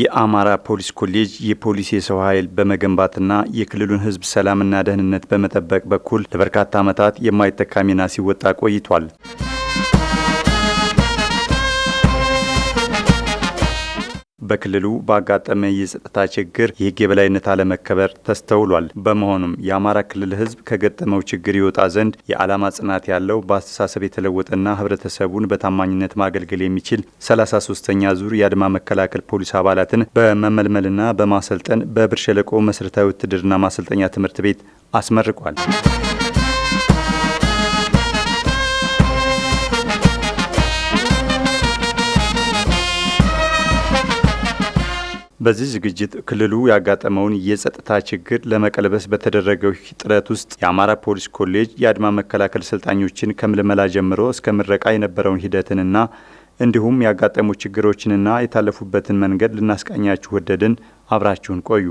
የአማራ ፖሊስ ኮሌጅ የፖሊስ የሰው ኃይል በመገንባትና የክልሉን ህዝብ ሰላምና ደህንነት በመጠበቅ በኩል ለበርካታ ዓመታት የማይተካ ሚና ሲወጣ ቆይቷል። በክልሉ ባጋጠመ የጸጥታ ችግር የህግ የበላይነት አለመከበር ተስተውሏል። በመሆኑም የአማራ ክልል ህዝብ ከገጠመው ችግር ይወጣ ዘንድ የዓላማ ጽናት ያለው በአስተሳሰብ የተለወጠና ህብረተሰቡን በታማኝነት ማገልገል የሚችል 33ኛ ዙር የአድማ መከላከል ፖሊስ አባላትን በመመልመልና በማሰልጠን በብር ሸለቆ መሠረታዊ ውትድርና ማሰልጠኛ ትምህርት ቤት አስመርቋል። በዚህ ዝግጅት ክልሉ ያጋጠመውን የጸጥታ ችግር ለመቀልበስ በተደረገው ጥረት ውስጥ የአማራ ፖሊስ ኮሌጅ የአድማ መከላከል ሰልጣኞችን ከምልመላ ጀምሮ እስከ ምረቃ የነበረውን ሂደትንና እንዲሁም ያጋጠሙ ችግሮችንና የታለፉበትን መንገድ ልናስቃኛችሁ ወደድን። አብራችሁን ቆዩ።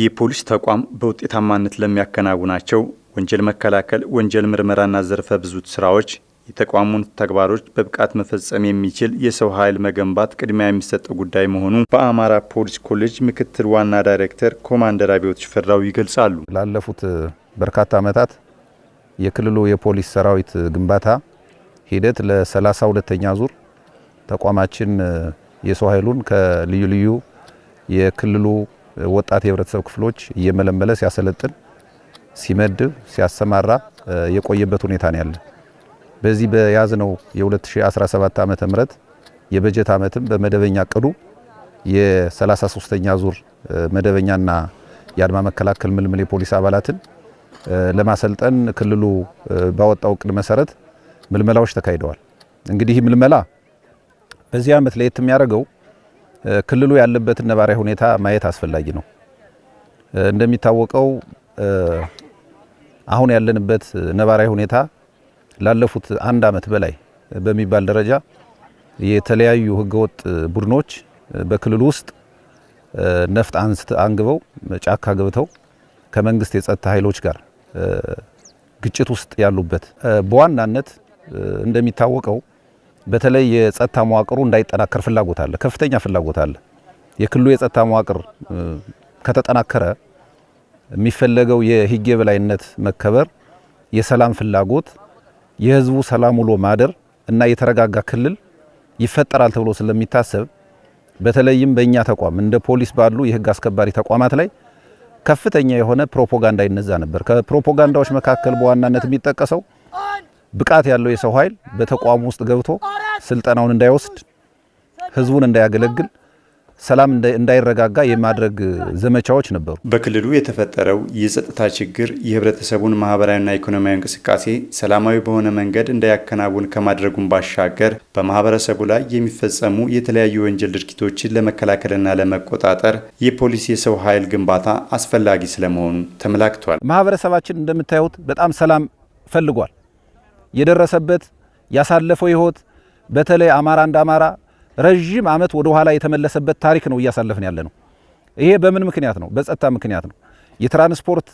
የፖሊስ ተቋም በውጤታማነት ለሚያከናውናቸው ወንጀል መከላከል፣ ወንጀል ምርመራና ዘርፈ ብዙ ስራዎች የተቋሙን ተግባሮች በብቃት መፈጸም የሚችል የሰው ኃይል መገንባት ቅድሚያ የሚሰጠው ጉዳይ መሆኑ በአማራ ፖሊስ ኮሌጅ ምክትል ዋና ዳይሬክተር ኮማንደር አብዮት ሽፈራው ይገልጻሉ። ላለፉት በርካታ ዓመታት የክልሉ የፖሊስ ሰራዊት ግንባታ ሂደት ለሰላሳ ሁለተኛ ዙር ተቋማችን የሰው ኃይሉን ከልዩ ልዩ የክልሉ ወጣት የህብረተሰብ ክፍሎች እየመለመለ ሲያሰለጥን ሲመድብ ሲያሰማራ የቆየበት ሁኔታ ነው ያለ። በዚህ በያዝነው የ2017 ዓመተ ምህረት የበጀት ዓመትም በመደበኛ ቅዱ የ33ኛ ዙር መደበኛና የአድማ መከላከል ምልምል የፖሊስ አባላትን ለማሰልጠን ክልሉ ባወጣው እቅድ መሰረት ምልመላዎች ተካሂደዋል። እንግዲህ ይህ ምልመላ በዚህ ዓመት ለየት የሚያደርገው ክልሉ ያለበትን ነባራዊ ሁኔታ ማየት አስፈላጊ ነው። እንደሚታወቀው አሁን ያለንበት ነባራዊ ሁኔታ ላለፉት አንድ ዓመት በላይ በሚባል ደረጃ የተለያዩ ህገወጥ ቡድኖች በክልሉ ውስጥ ነፍጥ አንግበው ጫካ ገብተው ከመንግስት የጸጥታ ኃይሎች ጋር ግጭት ውስጥ ያሉበት በዋናነት እንደሚታወቀው በተለይ የጸጥታ መዋቅሩ እንዳይጠናከር ፍላጎት አለ፣ ከፍተኛ ፍላጎት አለ። የክልሉ የጸጥታ መዋቅር ከተጠናከረ የሚፈለገው የህግ የበላይነት መከበር፣ የሰላም ፍላጎት፣ የህዝቡ ሰላም ውሎ ማደር እና የተረጋጋ ክልል ይፈጠራል ተብሎ ስለሚታሰብ በተለይም በእኛ ተቋም እንደ ፖሊስ ባሉ የህግ አስከባሪ ተቋማት ላይ ከፍተኛ የሆነ ፕሮፓጋንዳ ይነዛ ነበር። ከፕሮፓጋንዳዎች መካከል በዋናነት የሚጠቀሰው ብቃት ያለው የሰው ኃይል በተቋሙ ውስጥ ገብቶ ስልጠናውን እንዳይወስድ፣ ህዝቡን እንዳያገለግል፣ ሰላም እንዳይረጋጋ የማድረግ ዘመቻዎች ነበሩ። በክልሉ የተፈጠረው የጸጥታ ችግር የህብረተሰቡን ማህበራዊና ኢኮኖሚያዊ እንቅስቃሴ ሰላማዊ በሆነ መንገድ እንዳያከናውን ከማድረጉን ባሻገር በማህበረሰቡ ላይ የሚፈጸሙ የተለያዩ የወንጀል ድርጊቶችን ለመከላከልና ለመቆጣጠር የፖሊስ የሰው ኃይል ግንባታ አስፈላጊ ስለመሆኑ ተመላክቷል። ማህበረሰባችን እንደምታዩት በጣም ሰላም ፈልጓል። የደረሰበት ያሳለፈው ህይወት በተለይ አማራ እንደ አማራ ረዥም ዓመት ወደ ኋላ የተመለሰበት ታሪክ ነው እያሳለፍን ያለ ነው። ይሄ በምን ምክንያት ነው? በጸጥታ ምክንያት ነው። የትራንስፖርት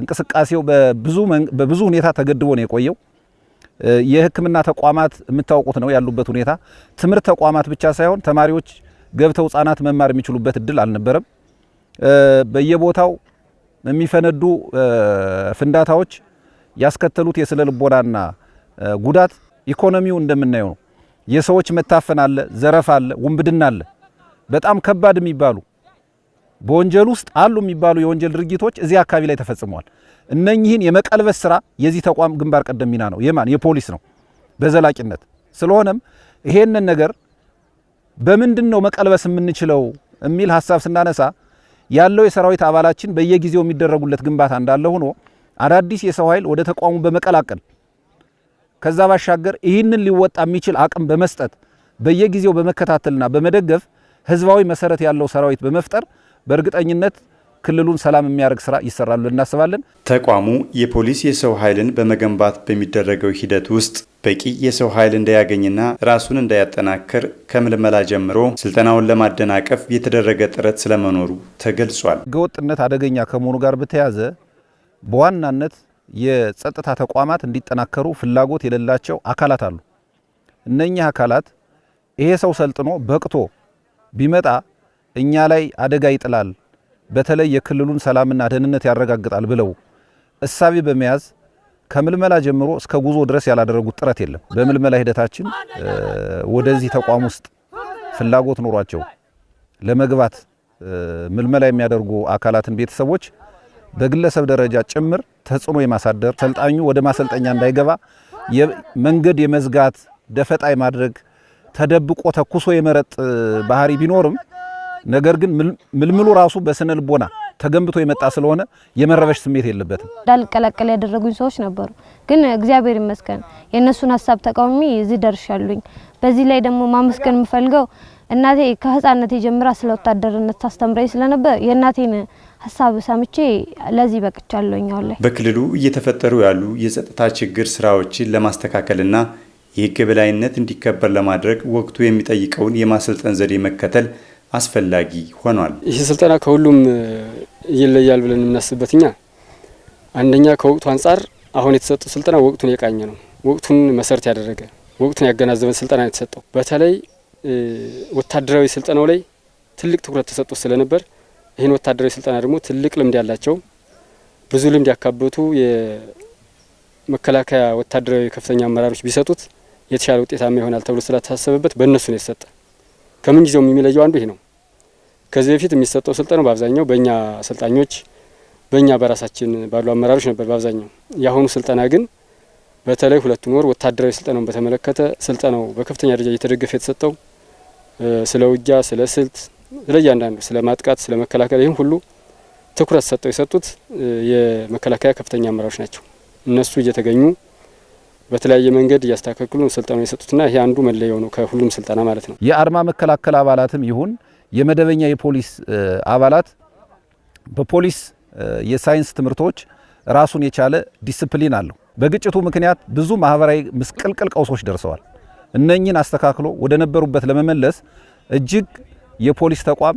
እንቅስቃሴው በብዙ ሁኔታ ተገድቦ ነው የቆየው። የህክምና ተቋማት የምታውቁት ነው ያሉበት ሁኔታ። ትምህርት ተቋማት ብቻ ሳይሆን ተማሪዎች ገብተው ህጻናት መማር የሚችሉበት እድል አልነበረም። በየቦታው የሚፈነዱ ፍንዳታዎች ያስከተሉት የስነ ልቦናና ጉዳት ኢኮኖሚው እንደምናየው ነው። የሰዎች መታፈን አለ፣ ዘረፋ አለ፣ ውንብድና አለ። በጣም ከባድ የሚባሉ በወንጀል ውስጥ አሉ የሚባሉ የወንጀል ድርጊቶች እዚህ አካባቢ ላይ ተፈጽመዋል። እነኚህን የመቀልበስ ስራ የዚህ ተቋም ግንባር ቀደም ሚና ነው። የማን የፖሊስ ነው በዘላቂነት። ስለሆነም ይሄንን ነገር በምንድን ነው መቀልበስ የምንችለው የሚል ሀሳብ ስናነሳ ያለው የሰራዊት አባላችን በየጊዜው የሚደረጉለት ግንባታ እንዳለ ሆኖ አዳዲስ የሰው ኃይል ወደ ተቋሙ በመቀላቀል ከዛ ባሻገር ይህንን ሊወጣ የሚችል አቅም በመስጠት በየጊዜው በመከታተልና በመደገፍ ህዝባዊ መሰረት ያለው ሰራዊት በመፍጠር በእርግጠኝነት ክልሉን ሰላም የሚያደርግ ስራ ይሰራሉ እናስባለን። ተቋሙ የፖሊስ የሰው ኃይልን በመገንባት በሚደረገው ሂደት ውስጥ በቂ የሰው ኃይል እንዳያገኝና ራሱን እንዳያጠናክር ከምልመላ ጀምሮ ስልጠናውን ለማደናቀፍ የተደረገ ጥረት ስለመኖሩ ተገልጿል። ህገወጥነት አደገኛ ከመሆኑ ጋር በተያያዘ በዋናነት የጸጥታ ተቋማት እንዲጠናከሩ ፍላጎት የሌላቸው አካላት አሉ። እነኚህ አካላት ይሄ ሰው ሰልጥኖ በቅቶ ቢመጣ እኛ ላይ አደጋ ይጥላል፣ በተለይ የክልሉን ሰላምና ደህንነት ያረጋግጣል ብለው እሳቤ በመያዝ ከምልመላ ጀምሮ እስከ ጉዞ ድረስ ያላደረጉት ጥረት የለም። በምልመላ ሂደታችን ወደዚህ ተቋም ውስጥ ፍላጎት ኖሯቸው ለመግባት ምልመላ የሚያደርጉ አካላትን ቤተሰቦች በግለሰብ ደረጃ ጭምር ተጽዕኖ የማሳደር ሰልጣኙ ወደ ማሰልጠኛ እንዳይገባ መንገድ የመዝጋት ደፈጣ ማድረግ ተደብቆ ተኩሶ የመረጥ ባህሪ ቢኖርም ነገር ግን ምልምሉ ራሱ በስነ ልቦና ተገንብቶ የመጣ ስለሆነ የመረበሽ ስሜት የለበትም። እንዳልቀላቀል ያደረጉኝ ሰዎች ነበሩ፣ ግን እግዚአብሔር ይመስገን የእነሱን ሀሳብ ተቃውሚ እዚህ ደርሻሉኝ። በዚህ ላይ ደግሞ ማመስገን የምፈልገው እናቴ ከህፃነቴ ጀምራ ስለ ወታደርነት ታስተምረኝ ስለነበር የእናቴን ሀሳብ ሰምቼ ለዚህ በቅቻለሁኝ። ላይ በክልሉ እየተፈጠሩ ያሉ የጸጥታ ችግር ስራዎችን ለማስተካከልና የህግ የበላይነት እንዲከበር ለማድረግ ወቅቱ የሚጠይቀውን የማሰልጠን ዘዴ መከተል አስፈላጊ ሆኗል። ይህ ስልጠና ከሁሉም ይለያል ብለን የምናስብበት እኛ አንደኛ ከወቅቱ አንጻር አሁን የተሰጠው ስልጠና ወቅቱን የቃኘ ነው። ወቅቱን መሰረት ያደረገ ወቅቱን ያገናዘበን ስልጠና የተሰጠው። በተለይ ወታደራዊ ስልጠናው ላይ ትልቅ ትኩረት ተሰጥቶ ስለነበር ይህን ወታደራዊ ስልጠና ደግሞ ትልቅ ልምድ ያላቸው ብዙ ልምድ ያካበቱ የመከላከያ ወታደራዊ ከፍተኛ አመራሮች ቢሰጡት የተሻለ ውጤታማ ይሆናል ተብሎ ስለተሳሰበበት በእነሱ ነው የተሰጠ። ከምን ጊዜውም የሚለየው አንዱ ይሄ ነው። ከዚህ በፊት የሚሰጠው ስልጠና በአብዛኛው በእኛ አሰልጣኞች በእኛ በራሳችን ባሉ አመራሮች ነበር በአብዛኛው። የአሁኑ ስልጠና ግን በተለይ ሁለቱን ወር ወታደራዊ ስልጠናውን በተመለከተ ስልጠናው በከፍተኛ ደረጃ እየተደገፈ የተሰጠው ስለ ውጊያ፣ ስለ ስልት ስለ እያንዳንዱ ስለ ማጥቃት፣ ስለ መከላከል ሁሉ ትኩረት ሰጠው የሰጡት የመከላከያ ከፍተኛ አመራሮች ናቸው። እነሱ እየተገኙ በተለያየ መንገድ እያስተካከሉ ስልጠና የሰጡትና ይሄ አንዱ መለያው ነው ከሁሉም ስልጠና ማለት ነው። የአርማ መከላከል አባላትም ይሁን የመደበኛ የፖሊስ አባላት በፖሊስ የሳይንስ ትምህርቶች ራሱን የቻለ ዲስፕሊን አለው። በግጭቱ ምክንያት ብዙ ማህበራዊ ምስቅልቅል ቀውሶች ደርሰዋል። እነኚህን አስተካክሎ ወደ ነበሩበት ለመመለስ እጅግ የፖሊስ ተቋም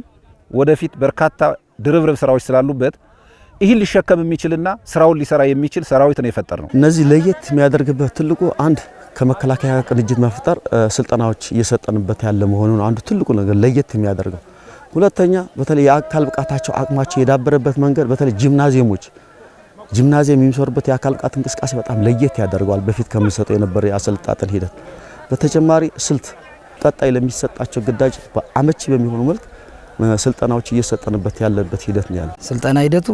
ወደፊት በርካታ ድርብርብ ስራዎች ስላሉበት ይህን ሊሸከም የሚችልና ስራውን ሊሰራ የሚችል ሰራዊት ነው የፈጠር ነው። እነዚህ ለየት የሚያደርግበት ትልቁ አንድ ከመከላከያ ቅንጅት መፍጠር ስልጠናዎች እየሰጠንበት ያለ መሆኑን አንዱ ትልቁ ነገር ለየት የሚያደርገው። ሁለተኛ በተለይ የአካል ብቃታቸው አቅማቸው የዳበረበት መንገድ በተለይ ጂምናዚየሞች ጂምናዚየም የሚሰሩበት የአካል ብቃት እንቅስቃሴ በጣም ለየት ያደርገዋል በፊት ከምንሰጠው የነበረ የአሰልጣጥን ሂደት በተጨማሪ ስልት ቀጣይ ለሚሰጣቸው ግዳጅ በአመቺ በሚሆኑ መልክ ስልጠናዎች እየሰጠንበት ያለበት ሂደት ነው ያለ። ስልጠና ሂደቱ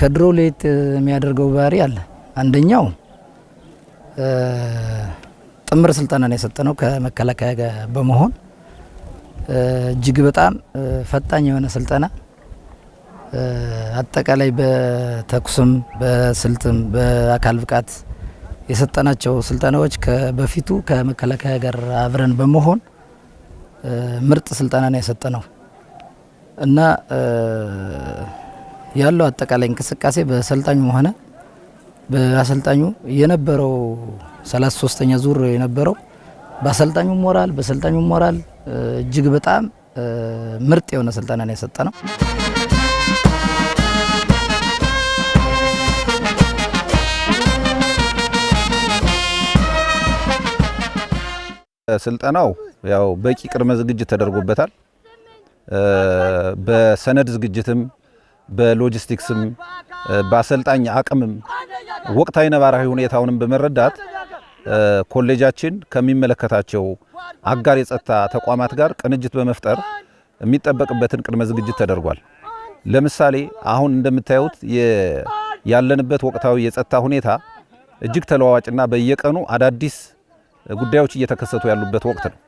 ከድሮ ለየት የሚያደርገው ባህሪ አለ። አንደኛው ጥምር ስልጠና ነው የሰጠነው ከመከላከያ ጋር በመሆን እጅግ በጣም ፈጣኝ የሆነ ስልጠና አጠቃላይ በተኩስም በስልትም በአካል ብቃት የሰጠናቸው ስልጠናዎች በፊቱ ከመከላከያ ጋር አብረን በመሆን ምርጥ ስልጠና ነው የሰጠነው እና ያለው አጠቃላይ እንቅስቃሴ በሰልጣኙ ሆነ በአሰልጣኙ የነበረው ሰላሳ ኛ ዙር የነበረው በአሰልጣኙ ሞራል በሰልጣኙ ሞራል እጅግ በጣም ምርጥ የሆነ ስልጠና ነው የሰጠነው። ስልጠናው ያው በቂ ቅድመ ዝግጅት ተደርጎበታል። በሰነድ ዝግጅትም በሎጂስቲክስም በአሰልጣኝ አቅምም ወቅታዊ ነባራዊ ሁኔታውንም በመረዳት ኮሌጃችን ከሚመለከታቸው አጋር የጸጥታ ተቋማት ጋር ቅንጅት በመፍጠር የሚጠበቅበትን ቅድመ ዝግጅት ተደርጓል። ለምሳሌ አሁን እንደምታዩት ያለንበት ወቅታዊ የጸጥታ ሁኔታ እጅግ ተለዋዋጭና በየቀኑ አዳዲስ ጉዳዮች እየተከሰቱ ያሉበት ወቅት ነው።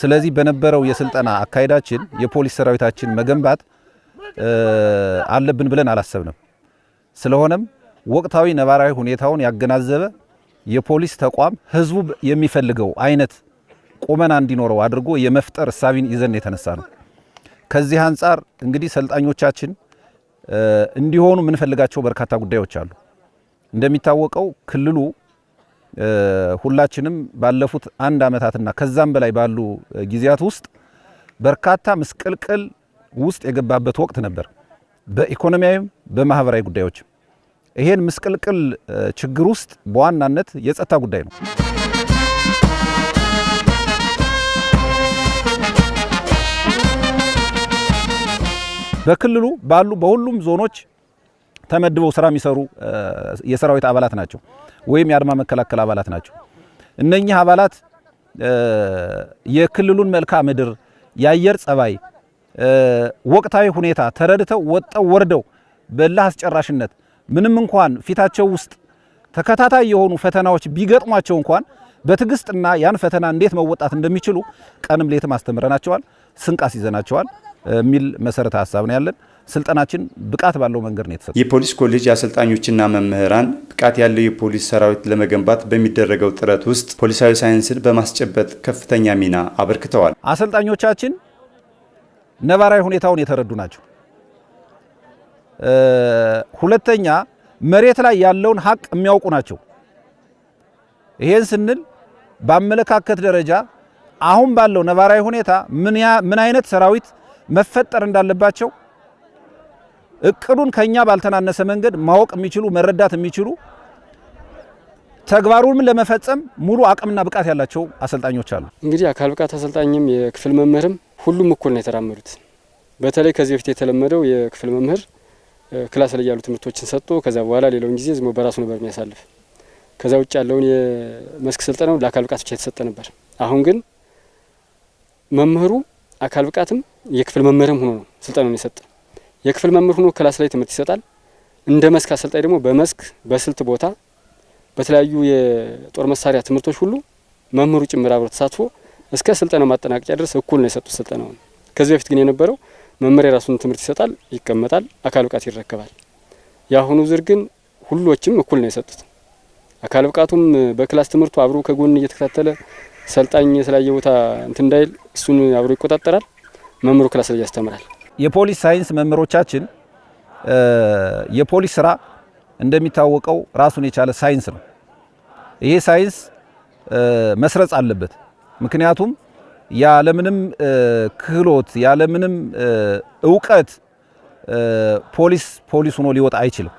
ስለዚህ በነበረው የስልጠና አካሄዳችን የፖሊስ ሰራዊታችን መገንባት አለብን ብለን አላሰብንም። ስለሆነም ወቅታዊ ነባራዊ ሁኔታውን ያገናዘበ የፖሊስ ተቋም ህዝቡ የሚፈልገው አይነት ቁመና እንዲኖረው አድርጎ የመፍጠር እሳቢን ይዘን የተነሳ ነው። ከዚህ አንጻር እንግዲህ ሰልጣኞቻችን እንዲሆኑ የምንፈልጋቸው በርካታ ጉዳዮች አሉ። እንደሚታወቀው ክልሉ ሁላችንም ባለፉት አንድ ዓመታትና ከዛም በላይ ባሉ ጊዜያት ውስጥ በርካታ ምስቅልቅል ውስጥ የገባበት ወቅት ነበር፣ በኢኮኖሚያዊም በማህበራዊ ጉዳዮች። ይሄን ምስቅልቅል ችግር ውስጥ በዋናነት የጸጥታ ጉዳይ ነው። በክልሉ ባሉ በሁሉም ዞኖች ተመድበው ስራ የሚሰሩ የሰራዊት አባላት ናቸው። ወይም የአድማ መከላከል አባላት ናቸው። እነኚህ አባላት የክልሉን መልክዓ ምድር፣ የአየር ጸባይ፣ ወቅታዊ ሁኔታ ተረድተው ወጠው ወርደው በላህ አስጨራሽነት ምንም እንኳን ፊታቸው ውስጥ ተከታታይ የሆኑ ፈተናዎች ቢገጥሟቸው እንኳን በትዕግስትና ያን ፈተና እንዴት መወጣት እንደሚችሉ ቀንም ሌትም አስተምረናቸዋል፣ ስንቅ አስይዘናቸዋል የሚል መሰረተ ሀሳብ ነው ያለን። ስልጠናችን ብቃት ባለው መንገድ ነው የተሰጠው። የፖሊስ ኮሌጅ አሰልጣኞችና መምህራን ብቃት ያለው የፖሊስ ሰራዊት ለመገንባት በሚደረገው ጥረት ውስጥ ፖሊሳዊ ሳይንስን በማስጨበጥ ከፍተኛ ሚና አበርክተዋል። አሰልጣኞቻችን ነባራዊ ሁኔታውን የተረዱ ናቸው። ሁለተኛ መሬት ላይ ያለውን ሀቅ የሚያውቁ ናቸው። ይሄን ስንል በአመለካከት ደረጃ አሁን ባለው ነባራዊ ሁኔታ ምን አይነት ሰራዊት መፈጠር እንዳለባቸው እቅዱን ከኛ ባልተናነሰ መንገድ ማወቅ የሚችሉ መረዳት የሚችሉ ተግባሩንም ለመፈጸም ሙሉ አቅምና ብቃት ያላቸው አሰልጣኞች አሉ። እንግዲህ አካል ብቃት አሰልጣኝም የክፍል መምህርም ሁሉም እኩል ነው የተራመዱት። በተለይ ከዚህ በፊት የተለመደው የክፍል መምህር ክላስ ላይ ያሉ ትምህርቶችን ሰጥቶ ከዛ በኋላ ሌላውን ጊዜ ዝሞ በራሱ ነበር የሚያሳልፍ። ከዛ ውጭ ያለውን የመስክ ስልጠናው ለአካል ብቃት ብቻ የተሰጠ ነበር። አሁን ግን መምህሩ አካል ብቃትም የክፍል መምህርም ሆኖ ነው ስልጠናውን የሰጠ። የክፍል መምህር ሆኖ ክላስ ላይ ትምህርት ይሰጣል። እንደ መስክ አሰልጣኝ ደግሞ በመስክ በስልት ቦታ በተለያዩ የጦር መሳሪያ ትምህርቶች ሁሉ መምህሩ ጭምር አብሮ ተሳትፎ እስከ ስልጠናው ማጠናቀቂያ ድረስ እኩል ነው የሰጡት ስልጠናውን። ከዚህ በፊት ግን የነበረው መምህር የራሱን ትምህርት ይሰጣል፣ ይቀመጣል፣ አካል ብቃት ይረከባል። የአሁኑ ዝር ግን ሁሎችም እኩል ነው የሰጡት። አካል ብቃቱም በክላስ ትምህርቱ አብሮ ከጎን እየተከታተለ ሰልጣኝ የተለያየ ቦታ እንትን እንዳይል እሱን አብሮ ይቆጣጠራል። መምህሩ ክላስ ላይ ያስተምራል። የፖሊስ ሳይንስ መምህሮቻችን የፖሊስ ስራ እንደሚታወቀው ራሱን የቻለ ሳይንስ ነው። ይሄ ሳይንስ መስረጽ አለበት። ምክንያቱም ያለምንም ክህሎት ያለምንም እውቀት ፖሊስ ፖሊስ ሆኖ ሊወጣ አይችልም።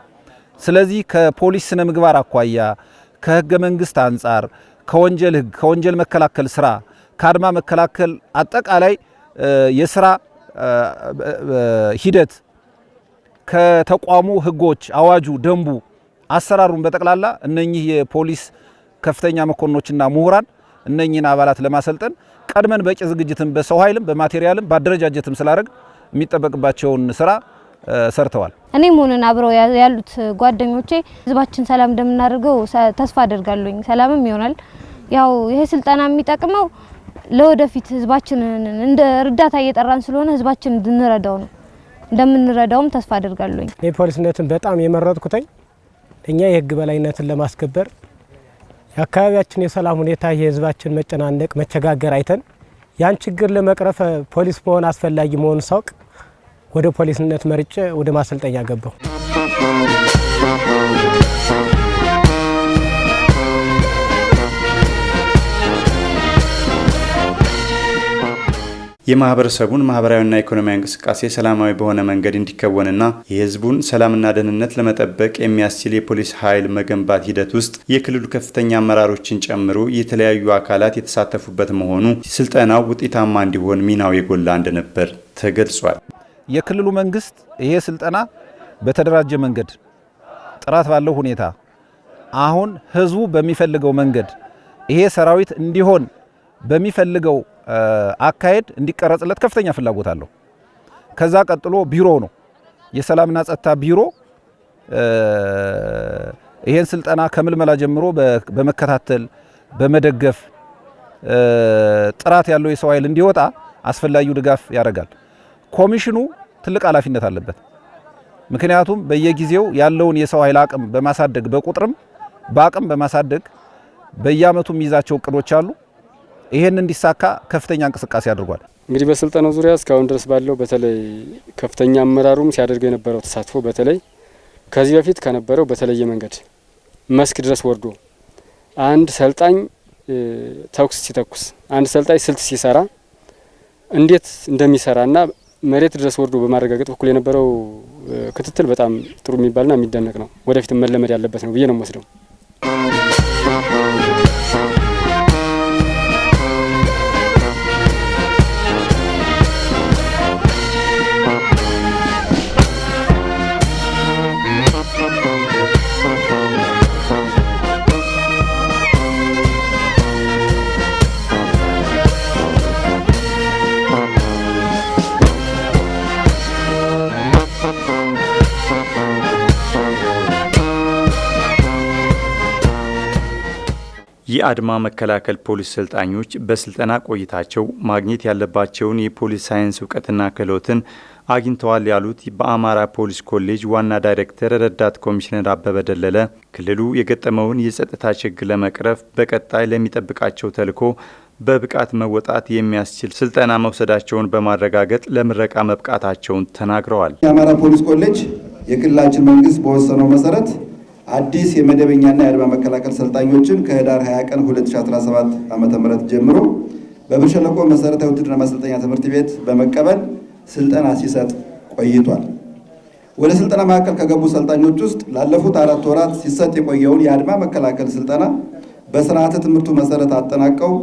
ስለዚህ ከፖሊስ ስነ ምግባር አኳያ ከህገ መንግስት አንጻር ከወንጀል ህግ ከወንጀል መከላከል ስራ ከአድማ መከላከል አጠቃላይ የስራ ሂደት ከተቋሙ ህጎች አዋጁ፣ ደንቡ፣ አሰራሩን በጠቅላላ እነኚህ የፖሊስ ከፍተኛ መኮንኖችና ምሁራን እነኚህን አባላት ለማሰልጠን ቀድመን በቂ ዝግጅትም በሰው ኃይልም በማቴሪያልም በአደረጃጀትም ስላደረግ የሚጠበቅባቸውን ስራ ሰርተዋል። እኔም ሆነን አብረው ያሉት ጓደኞቼ ህዝባችን ሰላም እንደምናደርገው ተስፋ አደርጋለኝ። ሰላምም ይሆናል። ያው ይሄ ስልጠና የሚጠቅመው ለወደፊት ህዝባችንን እንደ እርዳታ እየጠራን ስለሆነ ህዝባችን እንድንረዳው ነው። እንደምንረዳውም ተስፋ አድርጋለሁ። እኔ ፖሊስነትን በጣም የመረጥኩትኝ እኛ የህግ በላይነትን ለማስከበር የአካባቢያችን የሰላም ሁኔታ የህዝባችን መጨናነቅ፣ መቸጋገር አይተን ያን ችግር ለመቅረፍ ፖሊስ መሆን አስፈላጊ መሆኑን ሳውቅ ወደ ፖሊስነት መርጬ ወደ ማሰልጠኛ ገባሁ። የማህበረሰቡን ማህበራዊና ኢኮኖሚያዊ እንቅስቃሴ ሰላማዊ በሆነ መንገድ እንዲከወንና የህዝቡን ሰላምና ደህንነት ለመጠበቅ የሚያስችል የፖሊስ ኃይል መገንባት ሂደት ውስጥ የክልሉ ከፍተኛ አመራሮችን ጨምሮ የተለያዩ አካላት የተሳተፉበት መሆኑ ስልጠናው ውጤታማ እንዲሆን ሚናው የጎላ እንደነበር ተገልጿል። የክልሉ መንግስት ይሄ ስልጠና በተደራጀ መንገድ ጥራት ባለው ሁኔታ አሁን ህዝቡ በሚፈልገው መንገድ ይሄ ሰራዊት እንዲሆን በሚፈልገው አካሄድ እንዲቀረጽለት ከፍተኛ ፍላጎት አለው። ከዛ ቀጥሎ ቢሮ ነው። የሰላምና ጸጥታ ቢሮ ይሄን ስልጠና ከምልመላ ጀምሮ በመከታተል በመደገፍ ጥራት ያለው የሰው ኃይል እንዲወጣ አስፈላጊው ድጋፍ ያደርጋል። ኮሚሽኑ ትልቅ ኃላፊነት አለበት። ምክንያቱም በየጊዜው ያለውን የሰው ኃይል አቅም በማሳደግ በቁጥርም በአቅም በማሳደግ በየአመቱ የሚይዛቸው እቅዶች አሉ። ይሄን እንዲሳካ ከፍተኛ እንቅስቃሴ አድርጓል። እንግዲህ በስልጠናው ዙሪያ እስካሁን ድረስ ባለው በተለይ ከፍተኛ አመራሩም ሲያደርገው የነበረው ተሳትፎ በተለይ ከዚህ በፊት ከነበረው በተለየ መንገድ መስክ ድረስ ወርዶ አንድ ሰልጣኝ ተኩስ ሲተኩስ፣ አንድ ሰልጣኝ ስልት ሲሰራ እንዴት እንደሚሰራ ና መሬት ድረስ ወርዶ በማረጋገጥ በኩል የነበረው ክትትል በጣም ጥሩ የሚባልና የሚደነቅ ነው። ወደፊት መለመድ ያለበት ነው ብዬ ነው ወስደው የአድማ መከላከል ፖሊስ ሰልጣኞች በስልጠና ቆይታቸው ማግኘት ያለባቸውን የፖሊስ ሳይንስ እውቀትና ክህሎትን አግኝተዋል ያሉት በአማራ ፖሊስ ኮሌጅ ዋና ዳይሬክተር ረዳት ኮሚሽነር አበበ ደለለ ክልሉ የገጠመውን የጸጥታ ችግር ለመቅረፍ በቀጣይ ለሚጠብቃቸው ተልዕኮ በብቃት መወጣት የሚያስችል ስልጠና መውሰዳቸውን በማረጋገጥ ለምረቃ መብቃታቸውን ተናግረዋል። የአማራ ፖሊስ ኮሌጅ የክልላችን መንግስት በወሰነው መሰረት አዲስ የመደበኛና የአድማ መከላከል ሰልጣኞችን ከህዳር 20 ቀን 2017 ዓ.ም ጀምሮ በብር ሸለቆ መሰረታዊ ውትድርና ማሰልጠኛ ትምህርት ቤት በመቀበል ስልጠና ሲሰጥ ቆይቷል። ወደ ስልጠና ማዕከል ከገቡ ሰልጣኞች ውስጥ ላለፉት አራት ወራት ሲሰጥ የቆየውን የአድማ መከላከል ስልጠና በስርዓተ ትምህርቱ መሰረት አጠናቀው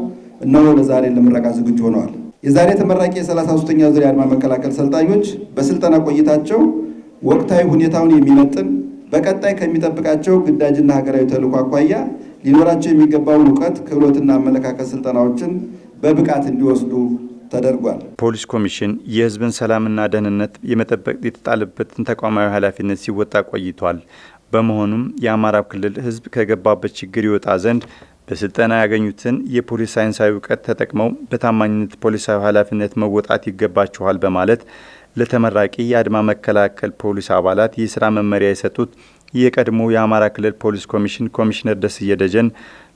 እነሆ ለዛሬ ለምረቃ ዝግጁ ሆነዋል። የዛሬ ተመራቂ የ33ኛ ዙር የአድማ መከላከል ሰልጣኞች በስልጠና ቆይታቸው ወቅታዊ ሁኔታውን የሚመጥን በቀጣይ ከሚጠብቃቸው ግዳጅና ሀገራዊ ተልዕኮ አኳያ ሊኖራቸው የሚገባውን እውቀት፣ ክህሎትና አመለካከት ስልጠናዎችን በብቃት እንዲወስዱ ተደርጓል። ፖሊስ ኮሚሽን የህዝብን ሰላምና ደህንነት የመጠበቅ የተጣለበትን ተቋማዊ ኃላፊነት ሲወጣ ቆይቷል። በመሆኑም የአማራ ክልል ህዝብ ከገባበት ችግር ይወጣ ዘንድ በስልጠና ያገኙትን የፖሊስ ሳይንሳዊ እውቀት ተጠቅመው በታማኝነት ፖሊሳዊ ኃላፊነት መወጣት ይገባችኋል በማለት ለተመራቂ የአድማ መከላከል ፖሊስ አባላት የስራ መመሪያ የሰጡት የቀድሞ የአማራ ክልል ፖሊስ ኮሚሽን ኮሚሽነር ደስዬ ደጀን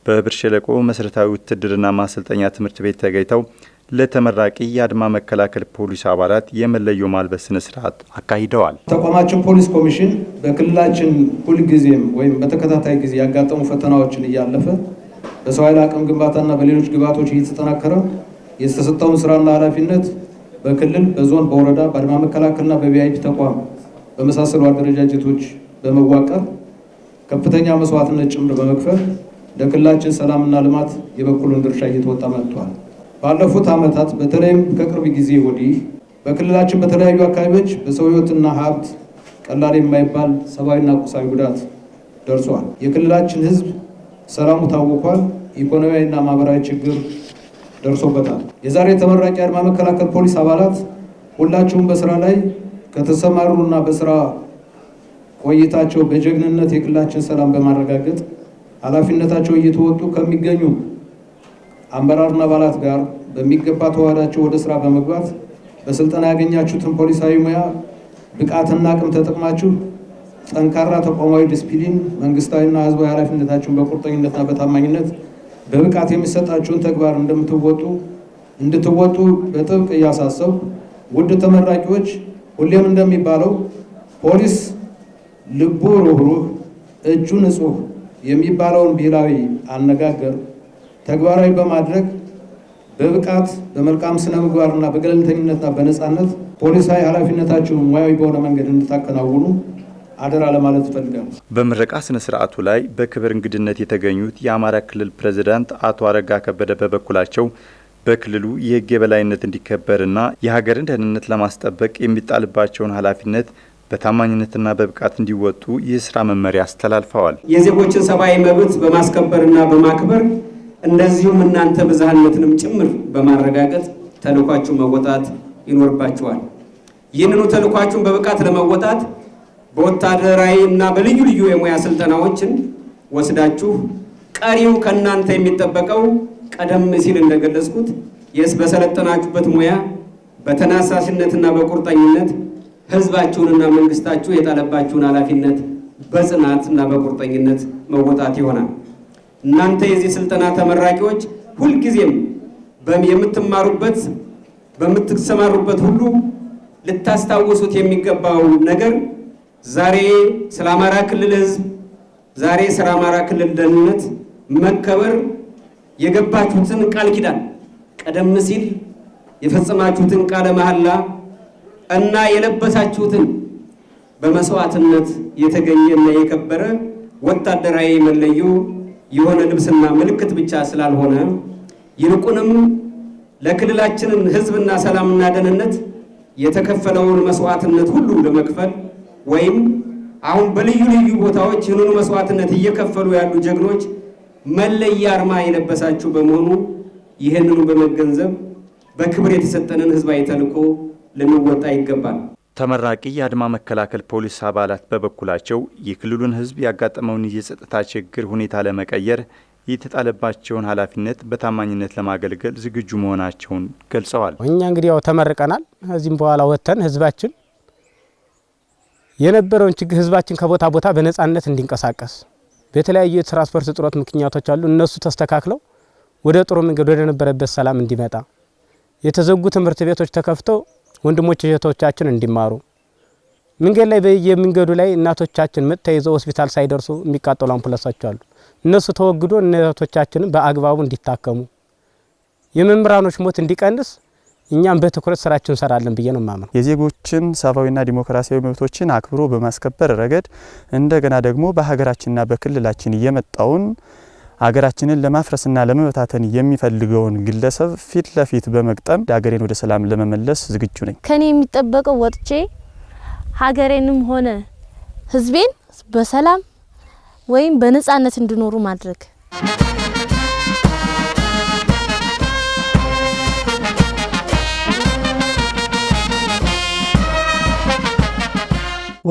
በብር ሸለቆ መሰረታዊ ውትድርና ማሰልጠኛ ትምህርት ቤት ተገኝተው ለተመራቂ የአድማ መከላከል ፖሊስ አባላት የመለዮ ማልበስ ስነ ስርዓት አካሂደዋል። ተቋማችን ፖሊስ ኮሚሽን በክልላችን ሁልጊዜም ወይም በተከታታይ ጊዜ ያጋጠሙ ፈተናዎችን እያለፈ በሰው ኃይል አቅም ግንባታና በሌሎች ግብዓቶች እየተጠናከረ የተሰጠውን ስራና ኃላፊነት በክልል በዞን በወረዳ በአድማ መከላከልና በቪአይፒ ተቋም በመሳሰሉ አደረጃጀቶች በመዋቀር ከፍተኛ መስዋዕትነት ጭምር በመክፈል ለክልላችን ሰላምና ልማት የበኩሉን ድርሻ እየተወጣ መጥቷል። ባለፉት ዓመታት በተለይም ከቅርብ ጊዜ ወዲህ በክልላችን በተለያዩ አካባቢዎች በሰው ሕይወትና ሀብት ቀላል የማይባል ሰብአዊና ቁሳዊ ጉዳት ደርሷል። የክልላችን ሕዝብ ሰላሙ ታውቋል። ኢኮኖሚያዊና ማህበራዊ ችግር ደርሶበታል። የዛሬ ተመራቂ አድማ መከላከል ፖሊስ አባላት ሁላችሁም በስራ ላይ ከተሰማሩና በስራ ቆይታቸው በጀግንነት የክልላችን ሰላም በማረጋገጥ ኃላፊነታቸው እየተወጡ ከሚገኙ አመራርና አባላት ጋር በሚገባ ተዋህዳቸው ወደ ስራ በመግባት በስልጠና ያገኛችሁትን ፖሊሳዊ ሙያ ብቃትና አቅም ተጠቅማችሁ ጠንካራ ተቋማዊ ዲስፕሊን መንግስታዊና ህዝባዊ ኃላፊነታችሁን በቁርጠኝነትና በታማኝነት በብቃት የሚሰጣችሁን ተግባር እንደምትወጡ እንድትወጡ በጥብቅ እያሳሰብ ውድ ተመራቂዎች ሁሌም እንደሚባለው ፖሊስ ልቡ ሩህሩህ እጁ ንጹህ የሚባለውን ብሔራዊ አነጋገር ተግባራዊ በማድረግ በብቃት በመልካም ስነ ምግባርና በገለልተኝነትና በነፃነት ፖሊሳዊ ኃላፊነታችሁን ሙያዊ በሆነ መንገድ እንድታከናውኑ አደራ ለማለት እፈልጋለሁ። በምረቃ ስነ ስርዓቱ ላይ በክብር እንግድነት የተገኙት የአማራ ክልል ፕሬዝዳንት አቶ አረጋ ከበደ በበኩላቸው በክልሉ የህግ የበላይነት እንዲከበርና የሀገርን ደህንነት ለማስጠበቅ የሚጣልባቸውን ኃላፊነት በታማኝነትና በብቃት እንዲወጡ የስራ መመሪያ አስተላልፈዋል። የዜጎችን ሰብአዊ መብት በማስከበርና በማክበር እንደዚሁም እናንተ ብዝሃነትንም ጭምር በማረጋገጥ ተልኳችሁ መወጣት ይኖርባችኋል። ይህንኑ ተልኳችሁን በብቃት ለመወጣት በወታደራዊ እና በልዩ ልዩ የሙያ ስልጠናዎችን ወስዳችሁ ቀሪው ከእናንተ የሚጠበቀው ቀደም ሲል እንደገለጽኩት የስ በሰለጠናችሁበት ሙያ በተናሳሽነትና በቁርጠኝነት ህዝባችሁንና መንግስታችሁ የጣለባችሁን ኃላፊነት በጽናት እና በቁርጠኝነት መወጣት ይሆናል። እናንተ የዚህ ስልጠና ተመራቂዎች ሁልጊዜም የምትማሩበት በምትሰማሩበት ሁሉ ልታስታውሱት የሚገባው ነገር ዛሬ ስለ አማራ ክልል ህዝብ፣ ዛሬ ስለ አማራ ክልል ደህንነት መከበር የገባችሁትን ቃል ኪዳን ቀደም ሲል የፈጸማችሁትን ቃለ መሐላ እና የለበሳችሁትን በመስዋዕትነት የተገኘና የከበረ ወታደራዊ መለዮ የሆነ ልብስና ምልክት ብቻ ስላልሆነ ይልቁንም ለክልላችንን ህዝብና ሰላምና ደህንነት የተከፈለውን መስዋዕትነት ሁሉ ለመክፈል ወይም አሁን በልዩ ልዩ ቦታዎች ይህንኑ መስዋዕትነት እየከፈሉ ያሉ ጀግኖች መለያ አርማ የለበሳችሁ በመሆኑ ይህንኑ በመገንዘብ በክብር የተሰጠንን ህዝባዊ ተልዕኮ ልንወጣ ይገባል። ተመራቂ የአድማ መከላከል ፖሊስ አባላት በበኩላቸው የክልሉን ህዝብ ያጋጠመውን የጸጥታ ችግር ሁኔታ ለመቀየር የተጣለባቸውን ኃላፊነት በታማኝነት ለማገልገል ዝግጁ መሆናቸውን ገልጸዋል። እኛ እንግዲህ ያው ተመርቀናል። ከዚህም በኋላ ወጥተን ህዝባችን የነበረውን ችግር ህዝባችን ከቦታ ቦታ በነጻነት እንዲንቀሳቀስ በተለያዩ የትራንስፖርት እጥረት ምክንያቶች አሉ። እነሱ ተስተካክለው ወደ ጥሩ መንገድ ወደ ነበረበት ሰላም እንዲመጣ የተዘጉ ትምህርት ቤቶች ተከፍተው ወንድሞች እህቶቻችን እንዲማሩ መንገድ ላይ በየመንገዱ ላይ እናቶቻችን ምጥ ተይዘው ሆስፒታል ሳይደርሱ የሚቃጠሉ አምቡላንሶች አሉ። እነሱ ተወግዶ እናቶቻችንን በአግባቡ እንዲታከሙ የመምህራኖች ሞት እንዲቀንስ እኛም በትኩረት ስራችን እንሰራለን ብዬ ነው ማምነው። የዜጎችን ሰብአዊና ዲሞክራሲያዊ መብቶችን አክብሮ በማስከበር ረገድ እንደገና ደግሞ በሀገራችንና በክልላችን እየመጣውን ሀገራችንን ለማፍረስና ለመበታተን የሚፈልገውን ግለሰብ ፊት ለፊት በመግጠም ሀገሬን ወደ ሰላም ለመመለስ ዝግጁ ነኝ። ከኔ የሚጠበቀው ወጥቼ ሀገሬንም ሆነ ህዝቤን በሰላም ወይም በነጻነት እንዲኖሩ ማድረግ